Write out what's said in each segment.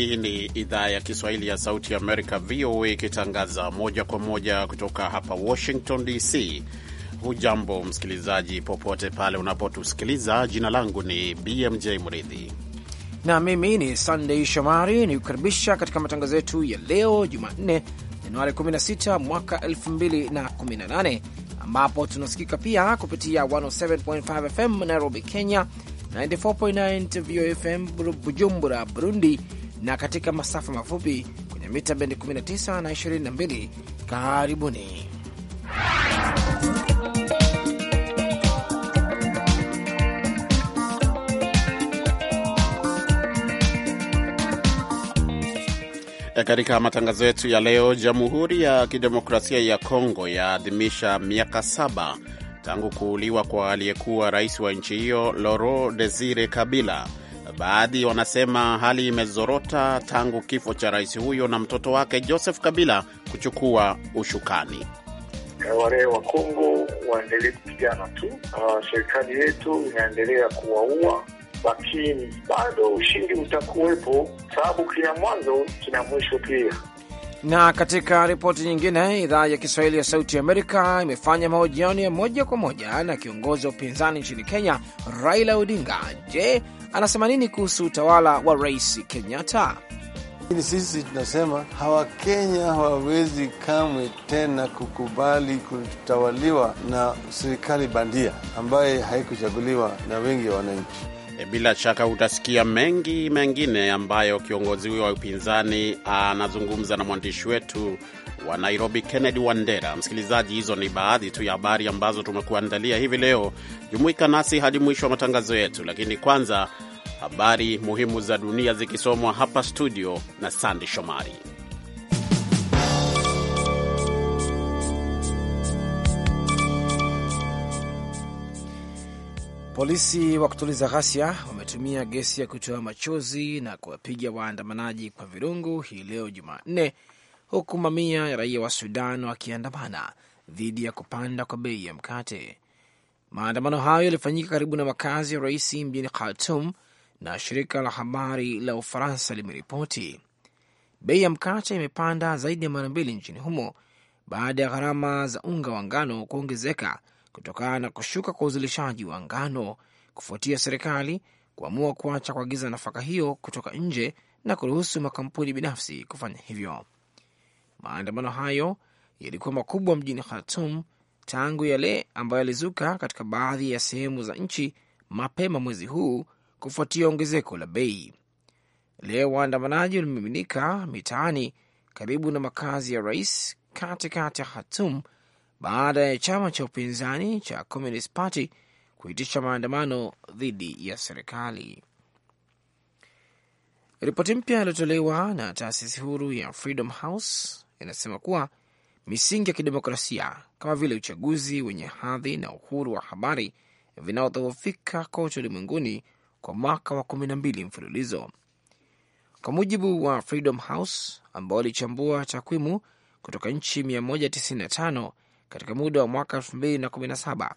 Hii ni idhaa ya Kiswahili ya Sauti Amerika, VOA, ikitangaza moja kwa moja kutoka hapa Washington DC. Hujambo msikilizaji, popote pale unapotusikiliza. Jina langu ni BMJ Mridhi na mimi ni Sandei Shomari, ni kukaribisha katika matangazo yetu ya leo Jumanne, Januari 16 mwaka 2018 ambapo tunasikika pia kupitia 107.5 FM Nairobi, Kenya, 94.9 VOFM Bujumbura, Burundi na katika masafa mafupi kwenye mita bendi 19 na 22. Karibuni e, katika matangazo yetu ya leo. Jamhuri ya Kidemokrasia ya Kongo yaadhimisha miaka saba tangu kuuliwa kwa aliyekuwa rais wa nchi hiyo Loro Desire Kabila. Baadhi wanasema hali imezorota tangu kifo cha rais huyo na mtoto wake Joseph Kabila kuchukua ushukani. Eh, wale wa Kongo waendelee kupigana tu. Uh, serikali yetu inaendelea kuwaua, lakini bado ushindi utakuwepo, sababu kina mwanzo kina mwisho pia. Na katika ripoti nyingine, idhaa ya Kiswahili ya Sauti Amerika imefanya mahojiano ya moja kwa moja na kiongozi wa upinzani nchini Kenya, Raila Odinga. Je, anasema nini kuhusu utawala wa Rais Kenyatta? Sisi tunasema Hawakenya hawawezi kamwe tena kukubali kutawaliwa na serikali bandia ambaye haikuchaguliwa na wengi wa wananchi. E, bila shaka utasikia mengi mengine ambayo kiongozi huyo wa upinzani anazungumza na mwandishi wetu wa Nairobi, Kennedy Wandera. Msikilizaji, hizo ni baadhi tu ya habari ambazo tumekuandalia hivi leo. Jumuika nasi hadi mwisho wa matangazo yetu, lakini kwanza habari muhimu za dunia zikisomwa hapa studio na Sandi Shomari. Polisi wa kutuliza ghasia wametumia gesi ya kutoa machozi na kuwapiga waandamanaji kwa virungu hii leo Jumanne, huku mamia ya raia wa Sudan wakiandamana dhidi ya kupanda kwa bei ya mkate. Maandamano hayo yalifanyika karibu na makazi ya rais mjini Khartum na shirika la habari la Ufaransa limeripoti bei ya mkate imepanda zaidi ya mara mbili nchini humo baada ya gharama za unga wa ngano kuongezeka kutokana na kushuka kwa uzalishaji wa ngano kufuatia serikali kuamua kuacha kuagiza nafaka hiyo kutoka nje na kuruhusu makampuni binafsi kufanya hivyo. Maandamano hayo yalikuwa makubwa mjini Khartum tangu yale ambayo yalizuka katika baadhi ya sehemu za nchi mapema mwezi huu kufuatia ongezeko la bei. Leo waandamanaji walimiminika mitaani karibu na makazi ya rais katikati ya Khartum baada ya chama cha upinzani cha Communist Party kuitisha maandamano dhidi ya serikali. Ripoti mpya iliyotolewa na taasisi huru ya Freedom House inasema kuwa misingi ya kidemokrasia kama vile uchaguzi wenye hadhi na uhuru wa habari vinaodhoofika kote ulimwenguni kwa mwaka wa kumi na mbili mfululizo. Kwa mujibu wa Freedom House ambao walichambua takwimu kutoka nchi 195 katika muda wa mwaka 2017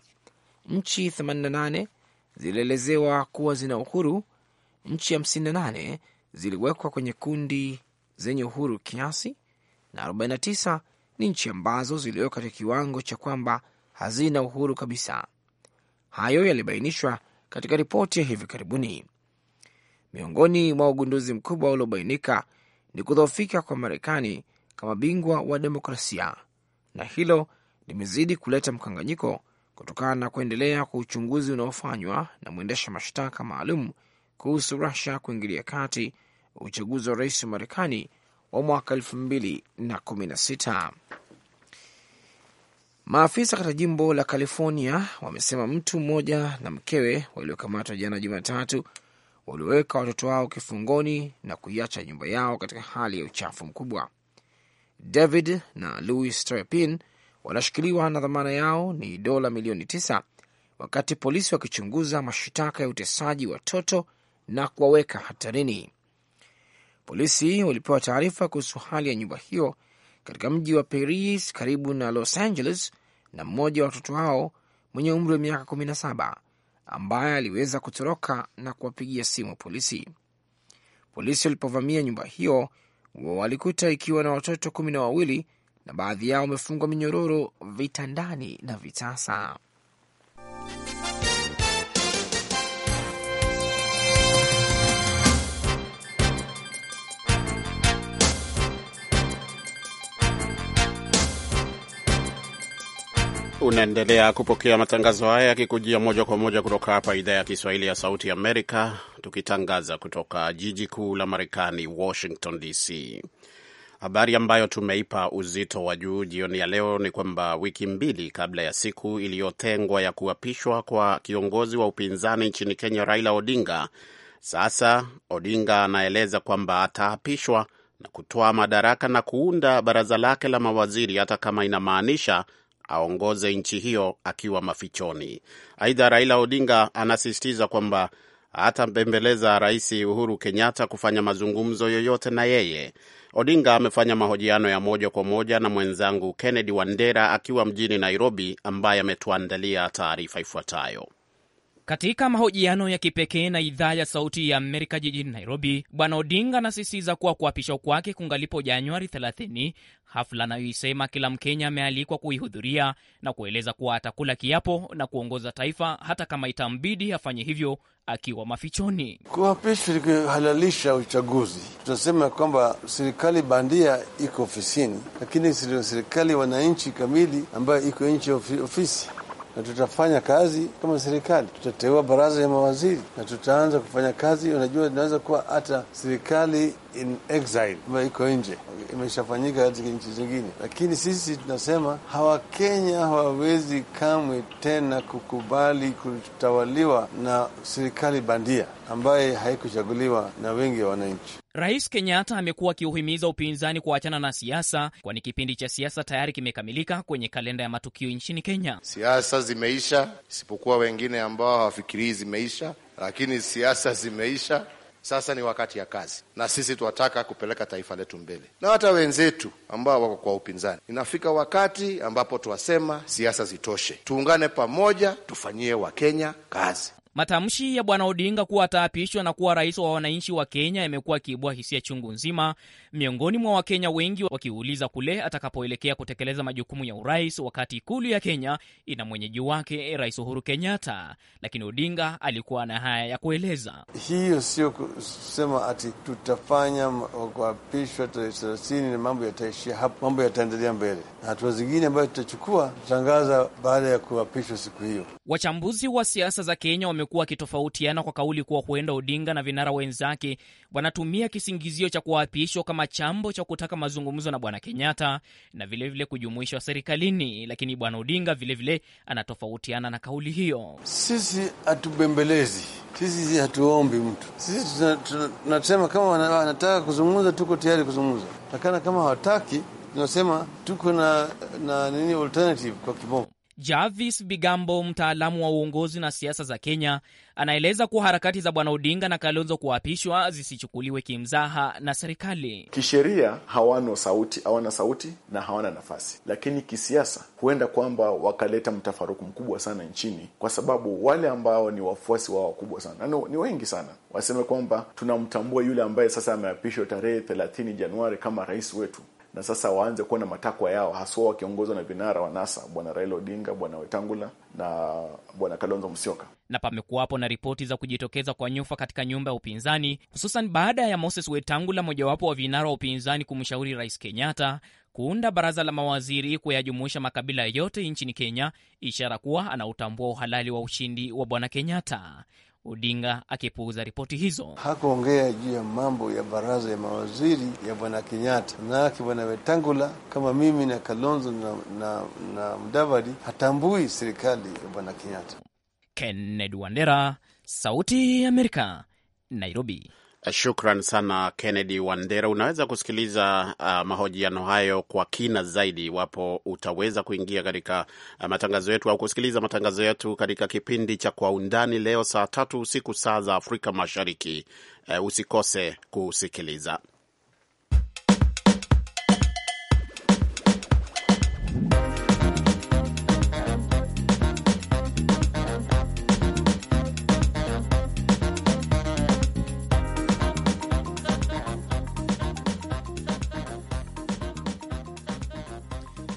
nchi 88 zilielezewa kuwa zina uhuru. Nchi 58 ziliwekwa kwenye kundi zenye uhuru kiasi na 49 ni nchi ambazo ziliwekwa katika kiwango cha kwamba hazina uhuru kabisa. Hayo yalibainishwa katika ripoti ya hivi karibuni. Miongoni mwa ugunduzi mkubwa uliobainika ni kudhoofika kwa Marekani kama bingwa wa demokrasia, na hilo limezidi kuleta mkanganyiko kutokana na kuendelea kwa uchunguzi unaofanywa na mwendesha mashtaka maalum kuhusu Rusia kuingilia kati uchaguzi wa rais wa Marekani wa mwaka 2016. Maafisa katika jimbo la California wamesema mtu mmoja na mkewe waliokamatwa jana Jumatatu walioweka watoto wao kifungoni na kuiacha nyumba yao katika hali ya uchafu mkubwa. David na Louis Trepin wanashikiliwa na dhamana yao ni dola milioni tisa wakati polisi wakichunguza mashitaka ya utesaji watoto na kuwaweka hatarini. Polisi walipewa taarifa kuhusu hali ya nyumba hiyo katika mji wa Paris karibu na Los Angeles, na mmoja wa watoto hao mwenye umri wa miaka 17 ambaye aliweza kutoroka na kuwapigia simu polisi. Polisi walipovamia nyumba hiyo walikuta ikiwa na watoto kumi na wawili na baadhi yao wamefungwa minyororo vitandani na vitasa. Unaendelea kupokea matangazo haya yakikujia moja kwa moja kutoka hapa idhaa ya Kiswahili ya Sauti Amerika, tukitangaza kutoka jiji kuu la Marekani, Washington DC. Habari ambayo tumeipa uzito wa juu jioni ya leo ni kwamba wiki mbili kabla ya siku iliyotengwa ya kuapishwa kwa kiongozi wa upinzani nchini Kenya, Raila Odinga, sasa Odinga anaeleza kwamba ataapishwa na kutoa madaraka na kuunda baraza lake la mawaziri, hata kama inamaanisha aongoze nchi hiyo akiwa mafichoni. Aidha, Raila Odinga anasisitiza kwamba hata Rais Uhuru Kenyatta kufanya mazungumzo yoyote na yeye. Odinga amefanya mahojiano ya moja kwa moja na mwenzangu Kennedy Wandera akiwa mjini Nairobi, ambaye ametuandalia taarifa ifuatayo. Katika mahojiano ya kipekee na idhaa ya Sauti ya Amerika jijini Nairobi, Bwana Odinga anasisitiza kuwa kuapishwa kwake kungalipo Januari 30, hafla anayoisema kila Mkenya amealikwa kuihudhuria na kueleza kuwa atakula kiapo na kuongoza taifa hata kama itambidi afanye hivyo akiwa mafichoni. Kuapishwa kuhalalisha uchaguzi, tunasema kwamba serikali bandia iko ofisini, lakini serikali wananchi kamili ambayo iko nchi ya ofisi na tutafanya kazi kama serikali, tutateua baraza ya mawaziri na tutaanza kufanya kazi. Unajua, inaweza kuwa hata serikali in exile ambayo iko nje imeshafanyika katika nchi zingine, lakini sisi tunasema hawakenya hawawezi kamwe tena kukubali kutawaliwa na serikali bandia ambaye haikuchaguliwa na wengi wa wananchi. Rais Kenyatta amekuwa akiuhimiza upinzani kuachana na siasa, kwani kipindi cha siasa tayari kimekamilika kwenye kalenda ya matukio nchini Kenya. Siasa zimeisha, isipokuwa wengine ambao hawafikirii zimeisha, lakini siasa zimeisha. Sasa ni wakati ya kazi, na sisi tunataka kupeleka taifa letu mbele, na hata wenzetu ambao wako kwa upinzani. Inafika wakati ambapo tuwasema siasa zitoshe, tuungane pamoja, tufanyie Wakenya kazi. Matamshi ya Bwana Odinga kuwa ataapishwa na kuwa rais wa wananchi wa Kenya yamekuwa akiibua hisia chungu nzima miongoni mwa Wakenya wengi, wakiuliza kule atakapoelekea kutekeleza majukumu ya urais, wakati ikulu ya Kenya ina mwenyeji wake Rais Uhuru Kenyatta. Lakini Odinga alikuwa na haya ya kueleza. Hiyo sio kusema ati tutafanya kuapishwa tarehe thelathini na mambo yataishia hapo, mambo yataendelea mbele na hatua zingine ambayo tutachukua tutangaza baada ya kuapishwa siku hiyo. Wachambuzi wa siasa za Kenya wame wamekuwa wakitofautiana kwa kauli kuwa huenda Odinga na vinara wenzake wanatumia kisingizio cha kuwaapishwa kama chambo cha kutaka mazungumzo na bwana Kenyatta na vilevile kujumuishwa serikalini, lakini bwana Odinga vilevile anatofautiana na kauli hiyo. Sisi hatubembelezi, sisi hatuombi mtu, sisi tunasema kama wanataka kuzungumza, tuko tayari kuzungumza, lakini kama hawataki tunasema tuko na, na nini alternative kwa kibongo Jarvis Bigambo, mtaalamu wa uongozi na siasa za Kenya, anaeleza kuwa harakati za Bwana Odinga na Kalonzo kuapishwa zisichukuliwe kimzaha na serikali. Kisheria hawana sauti, hawana sauti na hawana nafasi, lakini kisiasa huenda kwamba wakaleta mtafaruku mkubwa sana nchini, kwa sababu wale ambao ni wafuasi wao wakubwa sana na ni wengi sana waseme kwamba tunamtambua yule ambaye sasa ameapishwa tarehe 3 Januari kama rais wetu na sasa waanze kuwa na matakwa yao, haswa wakiongozwa na vinara wa NASA, bwana Raila Odinga, bwana Wetangula na bwana Kalonzo Musyoka. Na pamekuwapo na ripoti za kujitokeza kwa nyufa katika nyumba ya upinzani, hususan baada ya Moses Wetangula, mojawapo wa vinara wa upinzani, kumshauri Rais Kenyatta kuunda baraza la mawaziri kuyajumuisha makabila yote nchini Kenya, ishara kuwa anautambua uhalali wa ushindi wa bwana Kenyatta. Odinga akipuuza ripoti hizo. Hakuongea juu ya mambo ya baraza ya mawaziri ya bwana Kenyatta manake bwana Wetangula kama mimi na Kalonzo na, na, na Mdavadi hatambui serikali ya bwana Kenyatta. Kennedy Wandera, Sauti ya Amerika, Nairobi. Shukran sana Kennedy Wandera. Unaweza kusikiliza uh, mahojiano hayo kwa kina zaidi iwapo utaweza kuingia katika uh, matangazo yetu au kusikiliza matangazo yetu katika kipindi cha Kwa Undani leo saa tatu usiku saa za Afrika Mashariki. Uh, usikose kusikiliza.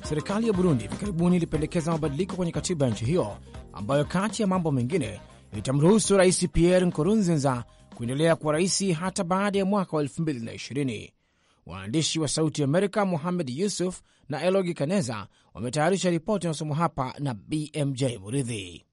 Serikali ya Burundi hivi karibuni ilipendekeza mabadiliko kwenye katiba ya nchi hiyo ambayo kati ya mambo mengine itamruhusu Rais Pierre Nkurunziza kuendelea kuwa rais hata baada ya mwaka wa 2020. Waandishi wa Sauti Amerika Muhamed Yusuf na Elogi Kaneza wametayarisha ripoti inayosomwa hapa na BMJ Muridhi.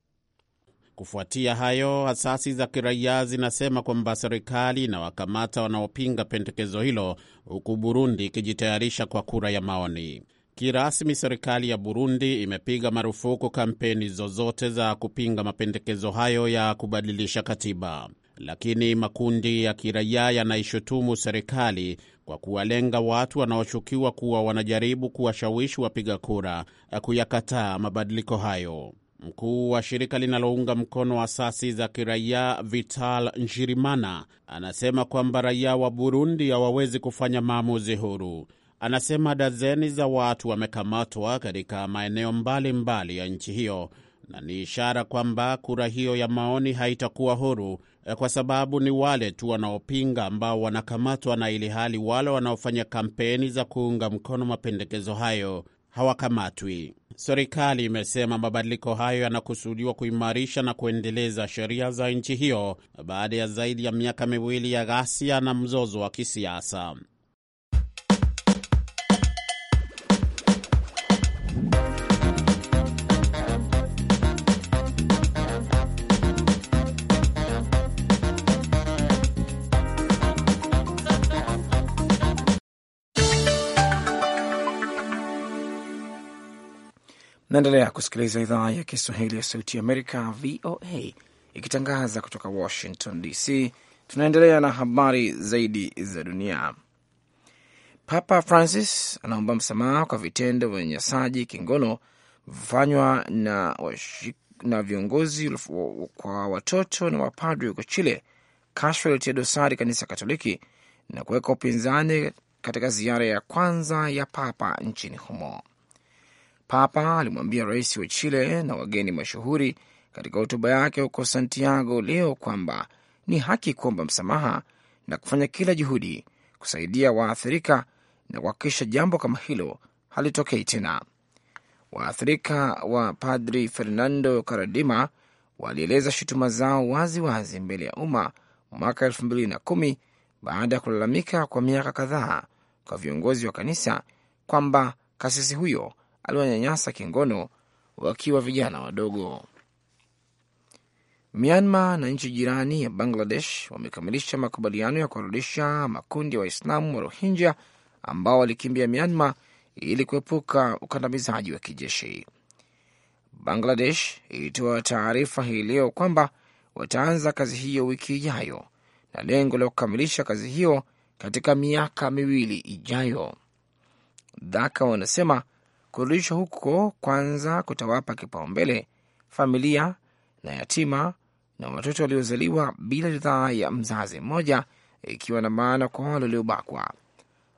Kufuatia hayo, asasi za kiraia zinasema kwamba serikali na wakamata wanaopinga pendekezo hilo, huku Burundi ikijitayarisha kwa kura ya maoni. Kirasmi, serikali ya Burundi imepiga marufuku kampeni zozote za kupinga mapendekezo hayo ya kubadilisha katiba, lakini makundi ya kiraia yanaishutumu serikali kwa kuwalenga watu wanaoshukiwa kuwa wanajaribu kuwashawishi wapiga kura kuyakataa mabadiliko hayo. Mkuu wa shirika linalounga mkono asasi za kiraia Vital Njirimana anasema kwamba raia wa Burundi hawawezi kufanya maamuzi huru. Anasema dazeni za watu wamekamatwa katika maeneo mbalimbali mbali ya nchi hiyo, na ni ishara kwamba kura hiyo ya maoni haitakuwa huru eh, kwa sababu ni wale tu wanaopinga ambao wanakamatwa, na ili hali wale wanaofanya kampeni za kuunga mkono mapendekezo hayo hawakamatwi. Serikali imesema mabadiliko hayo yanakusudiwa kuimarisha na kuendeleza sheria za nchi hiyo baada ya zaidi ya miaka miwili ya ghasia na mzozo wa kisiasa. Naendelea kusikiliza idhaa ya Kiswahili ya Sauti Amerika, VOA, ikitangaza kutoka Washington DC. Tunaendelea na habari zaidi za dunia. Papa Francis anaomba msamaha kwa vitendo vya unyanyasaji kingono vifanywa na, na viongozi kwa watoto na wapadri huko Chile, kashfa iliyotia dosari kanisa Katoliki na kuweka upinzani katika ziara ya kwanza ya papa nchini humo. Papa alimwambia rais wa Chile na wageni mashuhuri katika hotuba yake huko Santiago leo kwamba ni haki kuomba msamaha na kufanya kila juhudi kusaidia waathirika na kuhakikisha jambo kama hilo halitokei tena. Waathirika wa Padri Fernando Karadima walieleza shutuma zao wazi wazi mbele ya umma mwaka elfu mbili na kumi baada ya kulalamika kwa miaka kadhaa kwa viongozi wa kanisa kwamba kasisi huyo aliwanyanyasa kingono wakiwa vijana wadogo. Myanmar na nchi jirani ya Bangladesh wamekamilisha makubaliano ya kurudisha makundi ya wa Waislamu wa Rohingya ambao walikimbia Myanmar ili kuepuka ukandamizaji wa kijeshi. Bangladesh ilitoa taarifa hii leo kwamba wataanza kazi hiyo wiki ijayo na lengo la kukamilisha kazi hiyo katika miaka miwili ijayo. Dhaka wanasema Kurudishwa huko kwanza kutawapa kipaumbele familia na yatima na watoto waliozaliwa bila ridhaa ya mzazi mmoja, ikiwa na maana kwa wale waliobakwa.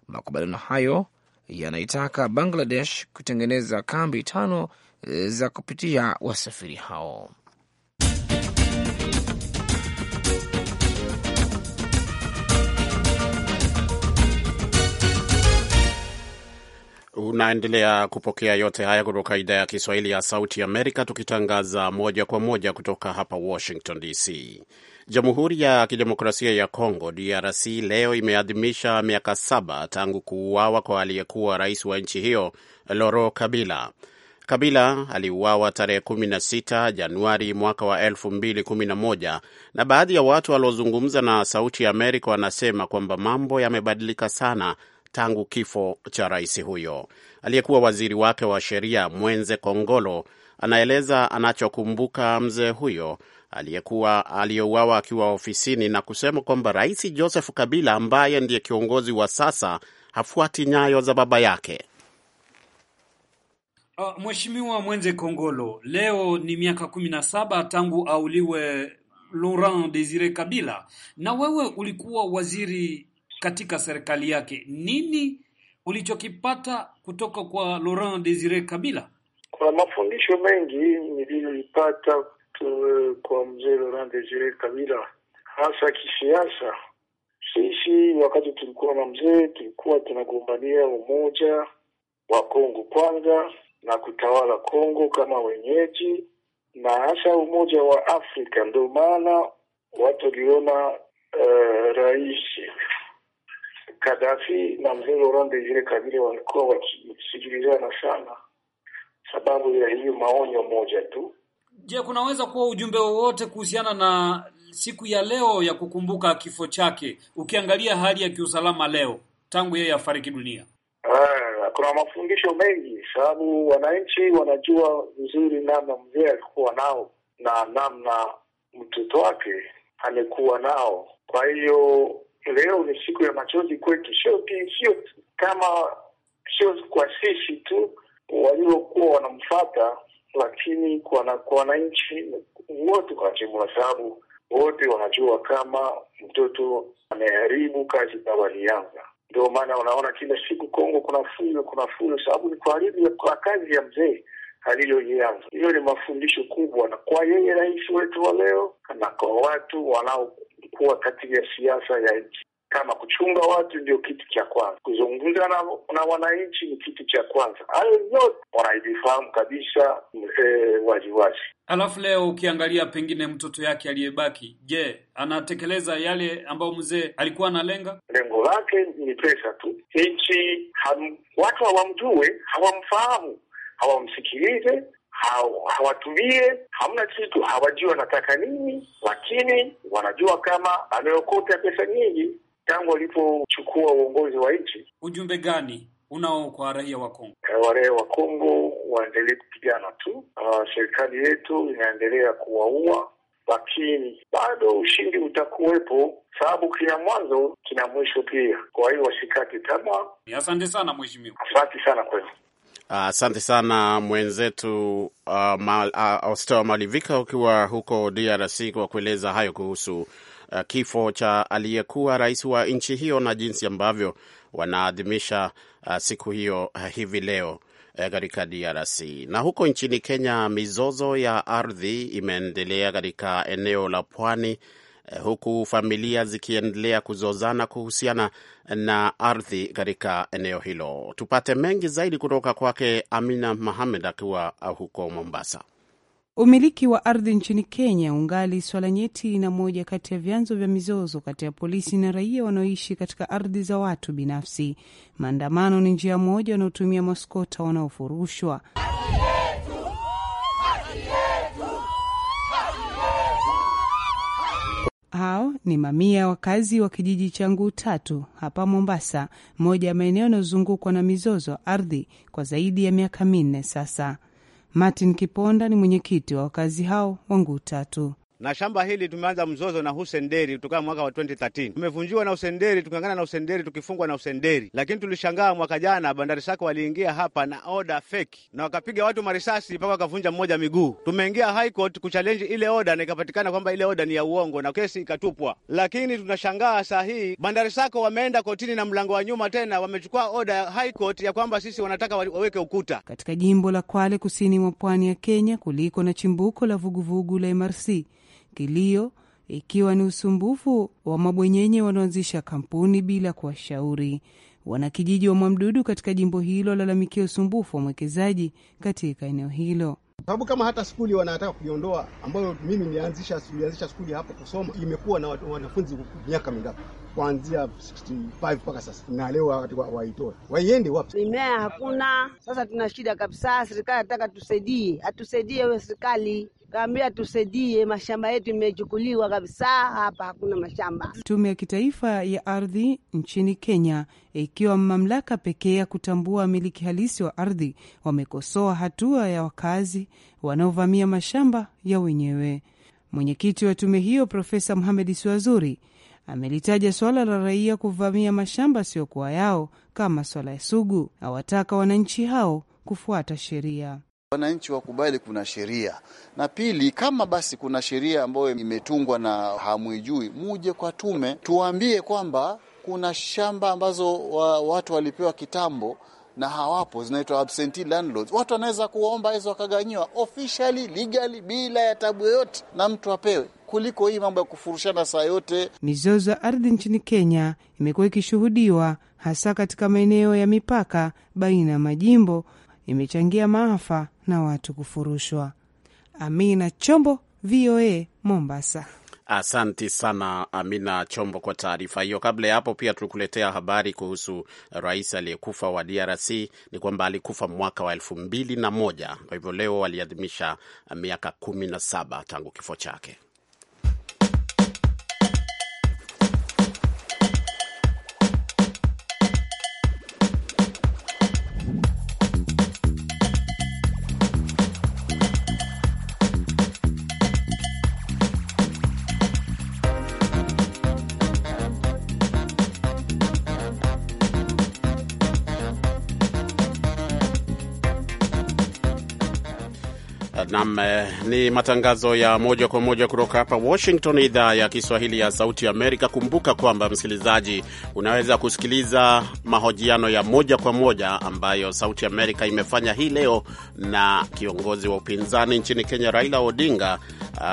Makubaliano hayo yanaitaka Bangladesh kutengeneza kambi tano za kupitia wasafiri hao. Unaendelea kupokea yote haya kutoka idhaa ya Kiswahili ya Sauti Amerika, tukitangaza moja kwa moja kutoka hapa Washington DC. Jamhuri ya Kidemokrasia ya Kongo, DRC, leo imeadhimisha miaka saba tangu kuuawa kwa aliyekuwa rais wa nchi hiyo Loro Kabila. Kabila aliuawa tarehe 16 Januari mwaka wa 2011 na baadhi ya watu waliozungumza na Sauti ya Amerika wanasema kwamba mambo yamebadilika sana tangu kifo cha rais huyo. Aliyekuwa waziri wake wa sheria Mwenze Kongolo anaeleza anachokumbuka mzee huyo aliyekuwa aliyouawa akiwa ofisini na kusema kwamba Rais Joseph Kabila ambaye ndiye kiongozi wa sasa hafuati nyayo za baba yake. Uh, Mheshimiwa Mwenze Kongolo, leo ni miaka kumi na saba tangu auliwe Laurent Desire Kabila, na wewe ulikuwa waziri katika serikali yake. Nini ulichokipata kutoka kwa Laurent Desire Kabila? Kuna mafundisho mengi niliyoipata kwa mzee Laurent Desire Kabila, hasa kisiasa. Sisi wakati tulikuwa na mzee, tulikuwa tunagombania umoja wa Kongo kwanza na kutawala Kongo kama wenyeji na hasa umoja wa Afrika. Ndio maana watu waliona uh, rais Kadhafi na mzee Laurent Desire Kabila walikuwa wakisikilizana sana, sababu ya hiyo maonyo moja tu. Je, kunaweza kuwa ujumbe wowote kuhusiana na siku ya leo ya kukumbuka kifo chake, ukiangalia hali ya kiusalama leo tangu yeye afariki dunia? Ah, kuna mafundisho mengi, sababu wananchi wanajua vizuri namna mzee alikuwa nao na namna mtoto wake amekuwa nao, kwa hiyo leo ni siku ya machozi kwetu, sio sio kama sio kwa sisi tu waliokuwa wanamfata, lakini kwa wananchi wote kwa jumla, sababu wote wanajua kama mtoto ameharibu kazi ambayo alianza. Ndio maana unaona kila siku Kongo kuna fujo, kuna fujo, sababu ni kuharibu kwa kazi ya mzee aliyoianza. Hiyo ni mafundisho kubwa na kwa yeye rais wetu wa leo na kwa watu wanao kuwa katika siasa ya nchi. Kama kuchunga watu ndio kitu cha kwanza, kuzungumza na, na wananchi ni kitu cha kwanza. Hayo yote wanaivifahamu kabisa mzee eh, waziwazi. Alafu leo ukiangalia pengine mtoto yake aliyebaki, je, anatekeleza yale ambayo mzee alikuwa analenga? Lengo lake ni pesa tu, nchi. Watu hawamjue, hawamfahamu, hawamsikilize, hawatumie, hamna kitu, hawajui wanataka nini, lakini wanajua kama ameokota pesa nyingi tangu alipochukua uongozi wa nchi. Ujumbe gani unao kwa raia wa Kongo? Eh, Waraia wa Kongo waendelee kupigana tu. Uh, serikali yetu inaendelea kuwaua, lakini bado ushindi utakuwepo, sababu kina mwanzo kina mwisho pia. Kwa hiyo wasikate tama Asante sana mheshimiwa, asante sana kwenu. Asante uh, sana mwenzetu uh, ma, uh, Ostel Malivika ukiwa huko DRC kwa kueleza hayo kuhusu uh, kifo cha aliyekuwa rais wa nchi hiyo na jinsi ambavyo wanaadhimisha uh, siku hiyo uh, hivi leo uh, katika uh, DRC. Na huko nchini Kenya, mizozo ya ardhi imeendelea katika eneo la pwani Eh, huku familia zikiendelea kuzozana kuhusiana na ardhi katika eneo hilo. Tupate mengi zaidi kutoka kwake Amina Mohamed akiwa uh, huko Mombasa. Umiliki wa ardhi nchini Kenya ungali swala nyeti na moja kati ya vyanzo vya mizozo kati ya polisi na raia wanaoishi katika ardhi za watu binafsi. Maandamano ni njia moja wanaotumia maskota wanaofurushwa hao ni mamia wakazi wa kijiji cha Nguu Tatu hapa Mombasa, moja ya maeneo yanayozungukwa na mizozo ya ardhi kwa zaidi ya miaka minne sasa. Martin Kiponda ni mwenyekiti wa wakazi hao wa Nguu Tatu na shamba hili tumeanza mzozo na Hussein Deri kutoka mwaka wa 2013. Tumevunjiwa na Hussein Deri, tukangana na Hussein Deri, tukifungwa na Hussein Deri. Lakini tulishangaa mwaka jana bandari sako waliingia hapa na oda feki na wakapiga watu marisasi mpaka wakavunja mmoja miguu. Tumeingia high court kuchallenge ile oda na ikapatikana kwamba ile oda ni ya uongo na kesi ikatupwa. Lakini tunashangaa saa hii bandari sako wameenda kotini na mlango wa nyuma tena wamechukua oda ya high court ya kwamba sisi wanataka waweke ukuta katika jimbo la Kwale kusini mwa pwani ya Kenya kuliko na chimbuko la vuguvugu vugu la MRC kilio, ikiwa ni usumbufu wa mabwenyenye wanaoanzisha kampuni bila kuwashauri. Wanakijiji wa Mwamdudu katika jimbo hilo walalamikia usumbufu wa mwekezaji katika eneo hilo sababu kama hata skuli wanataka kuiondoa, ambayo mimi nianzisha skuli hapo kusoma, imekuwa na wanafunzi miaka mingapi, kuanzia 65 mpaka sasa, na leo waitoe waiende wapi? Mimea hakuna. Sasa tuna shida kabisa. Serikali nataka tusaidie, atusaidie we serikali, kaambia tusaidie, mashamba yetu imechukuliwa kabisa, hapa hakuna mashamba. Tume ya Kitaifa ya Ardhi nchini Kenya, ikiwa mamlaka pekee ya kutambua wamiliki halisi wa ardhi, wamekosoa hatua ya wakazi wanaovamia mashamba ya wenyewe. Mwenyekiti wa tume hiyo Profesa muhamedi Siwazuri amelitaja swala la raia kuvamia mashamba asiyokuwa yao kama swala ya sugu. Awataka wananchi hao kufuata sheria wananchi wakubali kuna sheria, na pili, kama basi kuna sheria ambayo imetungwa na hamwijui, muje kwa tume tuwaambie kwamba kuna shamba ambazo wa, watu walipewa kitambo na hawapo, zinaitwa absentee landlords. Watu wanaweza kuomba hizo wakaganyiwa officially legally bila ya tabu yoyote, na mtu apewe kuliko hii mambo ya kufurushana saa yote. Mizozo ya ardhi nchini Kenya imekuwa ikishuhudiwa hasa katika maeneo ya mipaka baina ya majimbo imechangia maafa na watu kufurushwa. Amina Chombo, VOA Mombasa. Asanti sana Amina Chombo kwa taarifa hiyo. Kabla ya hapo, pia tulikuletea habari kuhusu rais aliyekufa wa DRC. Ni kwamba alikufa mwaka wa elfu mbili na moja, kwa hivyo leo aliadhimisha miaka kumi na saba tangu kifo chake. Nam eh, ni matangazo ya moja kwa moja kutoka hapa Washington, idhaa ya Kiswahili ya Sauti ya Amerika. Kumbuka kwamba msikilizaji, unaweza kusikiliza mahojiano ya moja kwa moja ambayo Sauti ya Amerika imefanya hii leo na kiongozi wa upinzani nchini Kenya Raila Odinga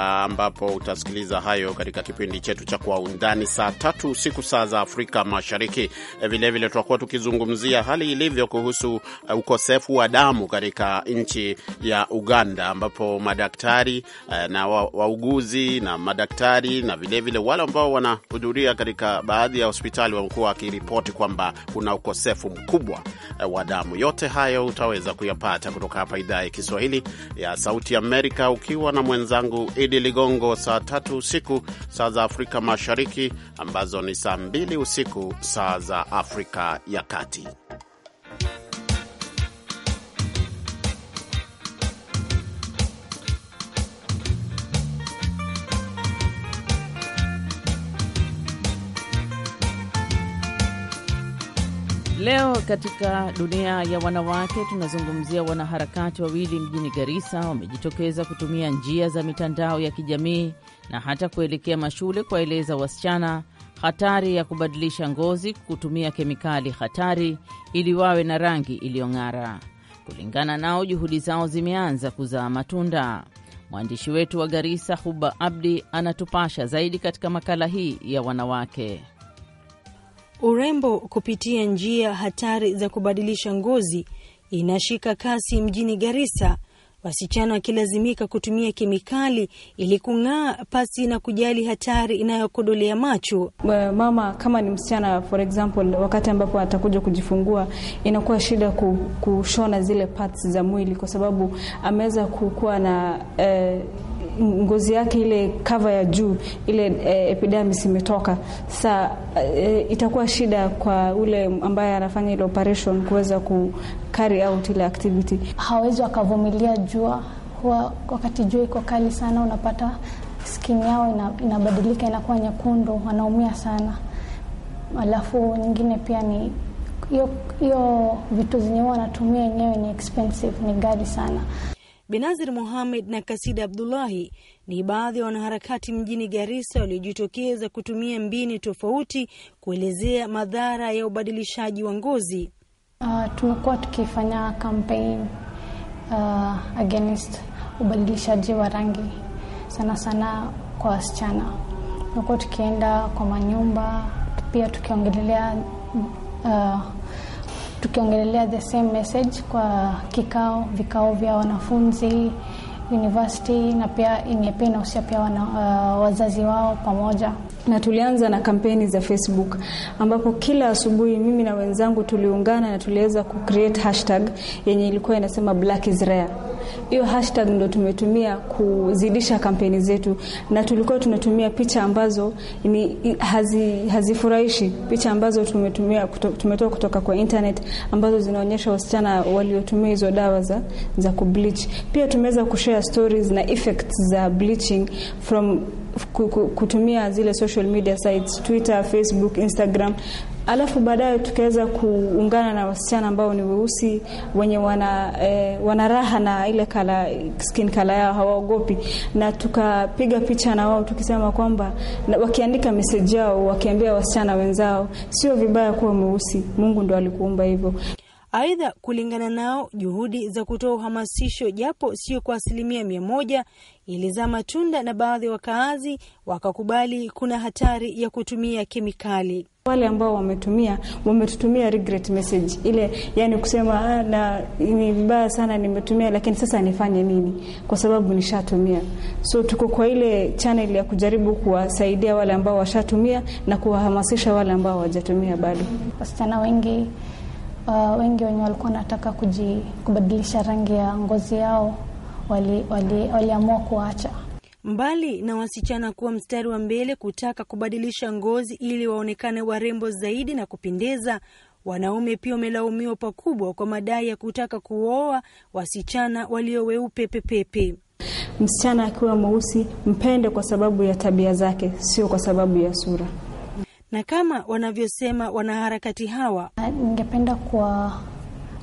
ambapo utasikiliza hayo katika kipindi chetu cha Kwa Undani saa tatu usiku saa za Afrika Mashariki. Vilevile tutakuwa tukizungumzia hali ilivyo kuhusu e, ukosefu wa damu katika nchi ya Uganda, ambapo madaktari e, na wauguzi na madaktari na vilevile wale ambao wanahudhuria katika baadhi ya hospitali wamekuwa wakiripoti kwamba kuna ukosefu mkubwa e, wa damu. Yote hayo utaweza kuyapata kutoka hapa idhaa ya Kiswahili ya Sauti Amerika ukiwa na mwenzangu Idi Ligongo saa tatu usiku saa za Afrika Mashariki, ambazo ni saa mbili usiku saa za Afrika ya Kati. Leo katika dunia ya wanawake tunazungumzia wanaharakati wawili mjini Garissa wamejitokeza kutumia njia za mitandao ya kijamii na hata kuelekea mashule kuwaeleza wasichana hatari ya kubadilisha ngozi kutumia kemikali hatari ili wawe na rangi iliyong'ara. Kulingana nao, juhudi zao zimeanza kuzaa matunda. Mwandishi wetu wa Garissa Huba Abdi anatupasha zaidi katika makala hii ya wanawake. Urembo kupitia njia hatari za kubadilisha ngozi inashika kasi mjini Garissa, wasichana wakilazimika kutumia kemikali ili kung'aa pasi na kujali hatari inayokodolea macho. Mama kama ni msichana, for example, wakati ambapo atakuja kujifungua, inakuwa shida kushona zile parts za mwili kwa sababu ameweza kukuwa na eh, ngozi yake ile kava ya juu ile e, epidermis imetoka. Sa e, itakuwa shida kwa ule ambaye anafanya ile operation kuweza ku carry out ile activity. Hawezi wakavumilia jua, huwa wakati jua iko kali sana, unapata skini yao ina, inabadilika inakuwa nyekundu, wanaumia sana. Alafu nyingine pia ni hiyo vitu zenyewe wanatumia yenyewe ni expensive, ni ghali sana. Benazir Mohamed na Kasida Abdullahi ni baadhi ya wanaharakati mjini Garissa waliojitokeza kutumia mbini tofauti kuelezea madhara ya ubadilishaji wa ngozi. Uh, tumekuwa tukifanya kampeni uh, ah, against ubadilishaji wa rangi sana sana kwa wasichana. Tumekuwa tukienda kwa manyumba pia tukiongelelea uh, tukiongelelea the same message kwa kikao vikao vya wanafunzi university na pia inahusisha pia wana, uh, wazazi wao pamoja na tulianza na kampeni za Facebook ambapo kila asubuhi mimi na wenzangu tuliungana na tuliweza kucreate hashtag yenye ilikuwa inasema Black is Rare. Hiyo hashtag ndo tumetumia kuzidisha kampeni zetu, na tulikuwa tunatumia picha ambazo ni hazi, hazifurahishi, picha ambazo tumetumia kuto, tumetoa kutoka kwa internet ambazo zinaonyesha wasichana waliotumia hizo dawa za, za kubleach. Pia tumeweza kushare stories na effects za bleaching from kutumia zile social media sites Twitter, Facebook, Instagram alafu baadaye tukaweza kuungana na wasichana ambao ni weusi wenye wana, eh, wana raha na ile kala, skin kala yao hawaogopi, na tukapiga picha na wao tukisema kwamba wakiandika meseji yao wakiambia wasichana wenzao, sio vibaya kuwa mweusi, Mungu ndo alikuumba hivyo. Aidha, kulingana nao, juhudi za kutoa uhamasisho japo sio kwa asilimia mia moja ilizaa matunda na baadhi ya wakaazi wakakubali kuna hatari ya kutumia kemikali. Wale ambao wametumia wametutumia regret message ile, yani kusema ah, na ni vibaya sana nimetumia, lakini sasa nifanye nini? Kwa sababu nishatumia. So tuko kwa ile channel ya kujaribu kuwasaidia wale ambao washatumia na kuwahamasisha wale ambao hawajatumia bado. Wasichana wengi uh, wengi wenye walikuwa wanataka kubadilisha rangi ya ngozi yao waliamua wali, wali kuacha. Mbali na wasichana kuwa mstari wa mbele kutaka kubadilisha ngozi ili waonekane warembo zaidi na kupendeza, wanaume pia wamelaumiwa pakubwa kwa madai ya kutaka kuoa wasichana walio weupe pepepe. Msichana akiwa mweusi mpende kwa sababu ya tabia zake, sio kwa sababu ya sura na kama wanavyosema wanaharakati hawa, ningependa kuwa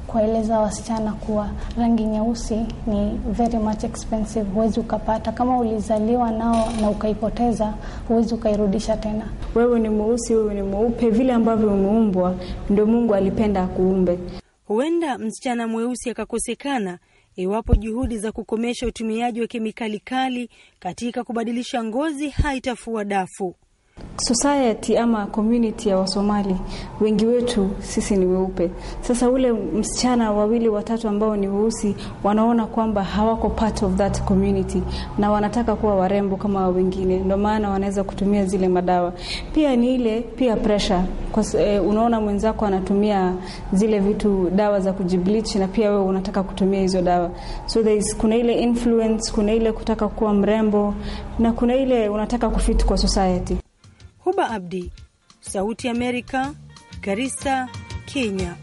kuwaeleza wasichana kuwa rangi nyeusi ni very much expensive. Huwezi ukapata kama ulizaliwa nao na ukaipoteza, huwezi ukairudisha tena. Wewe ni mweusi, wewe ni mweupe, vile ambavyo umeumbwa ndio Mungu alipenda akuumbe. Huenda msichana mweusi akakosekana iwapo juhudi za kukomesha utumiaji wa kemikali kali katika kubadilisha ngozi haitafua dafu society ama community ya Wasomali wengi wetu sisi ni weupe. Sasa ule msichana wawili watatu ambao ni weusi wanaona kwamba hawako part of that community na wanataka kuwa warembo kama wengine, ndio maana wanaweza kutumia zile madawa. Pia ni ile pia pressure kwa, e, unaona mwenzako anatumia zile vitu dawa za kujibleach na pia wewe unataka kutumia hizo dawa, so there is, kuna ile influence, kuna ile kutaka kuwa mrembo na kuna ile unataka kufit kwa society. Huba Abdi, Sauti Amerika, Garissa, Kenya.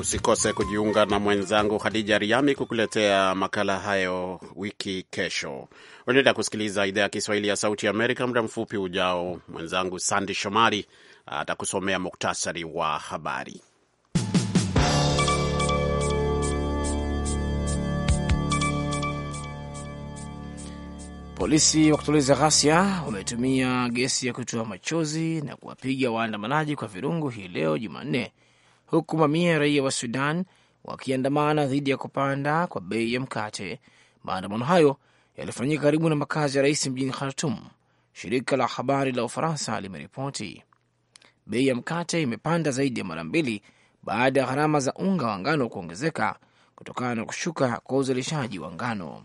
Usikose kujiunga na mwenzangu Khadija Riami kukuletea makala hayo wiki kesho. Unaenda kusikiliza idhaa ya Kiswahili ya Sauti Amerika. Muda mfupi ujao, mwenzangu Sandi Shomari atakusomea muktasari wa habari. Polisi wa kutuliza ghasia wametumia gesi ya kutoa machozi na kuwapiga waandamanaji kwa virungu hii leo Jumanne huku mamia ya raia wa Sudan wakiandamana dhidi ya kupanda kwa bei ya mkate. Maandamano hayo yalifanyika karibu na makazi ya rais mjini Khartum, shirika la habari la Ufaransa limeripoti. Bei ya mkate imepanda zaidi ya mara mbili baada ya gharama za unga wa ngano kuongezeka kutokana na kushuka kwa uzalishaji wa ngano.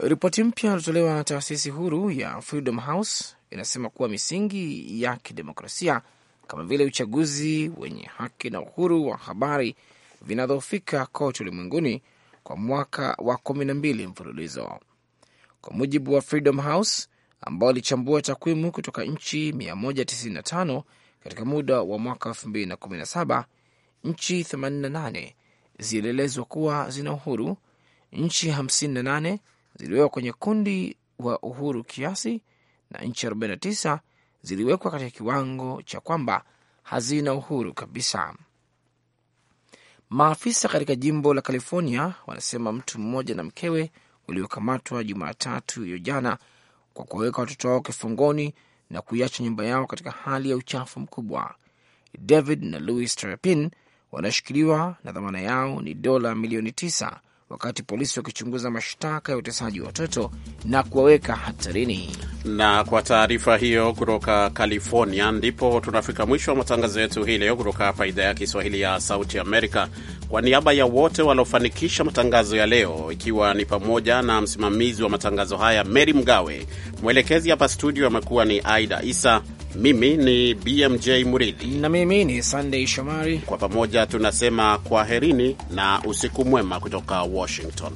Ripoti mpya iliotolewa na taasisi huru ya Freedom House inasema kuwa misingi ya kidemokrasia kama vile uchaguzi wenye haki na uhuru wa habari vinadhoofika kote ulimwenguni kwa mwaka wa kumi na mbili mfululizo, kwa mujibu wa Freedom House ambao alichambua takwimu kutoka nchi 195 katika muda wa mwaka 2017. Nchi 88 zilielezwa kuwa zina uhuru, nchi 58 ziliwekwa kwenye kundi wa uhuru kiasi na nchi 49 ziliwekwa katika kiwango cha kwamba hazina uhuru kabisa. Maafisa katika jimbo la California wanasema mtu mmoja na mkewe waliokamatwa Jumatatu hiyo jana kwa kuwaweka watoto wao kifungoni na kuiacha nyumba yao katika hali ya uchafu mkubwa. David na Louis Trapin wanashikiliwa na dhamana yao ni dola milioni tisa wakati polisi wakichunguza mashtaka ya utesaji wa watoto na kuwaweka hatarini. Na kwa taarifa hiyo kutoka California, ndipo tunafika mwisho wa matangazo yetu hii leo kutoka hapa idhaa ya Kiswahili ya Sauti Amerika. Kwa niaba ya wote waliofanikisha matangazo ya leo, ikiwa ni pamoja na msimamizi wa matangazo haya Mary Mgawe, mwelekezi hapa studio amekuwa ni Aida Isa mimi ni BMJ Muridhi na mimi ni Sunday Shomari. Kwa pamoja tunasema kwaherini na usiku mwema kutoka Washington.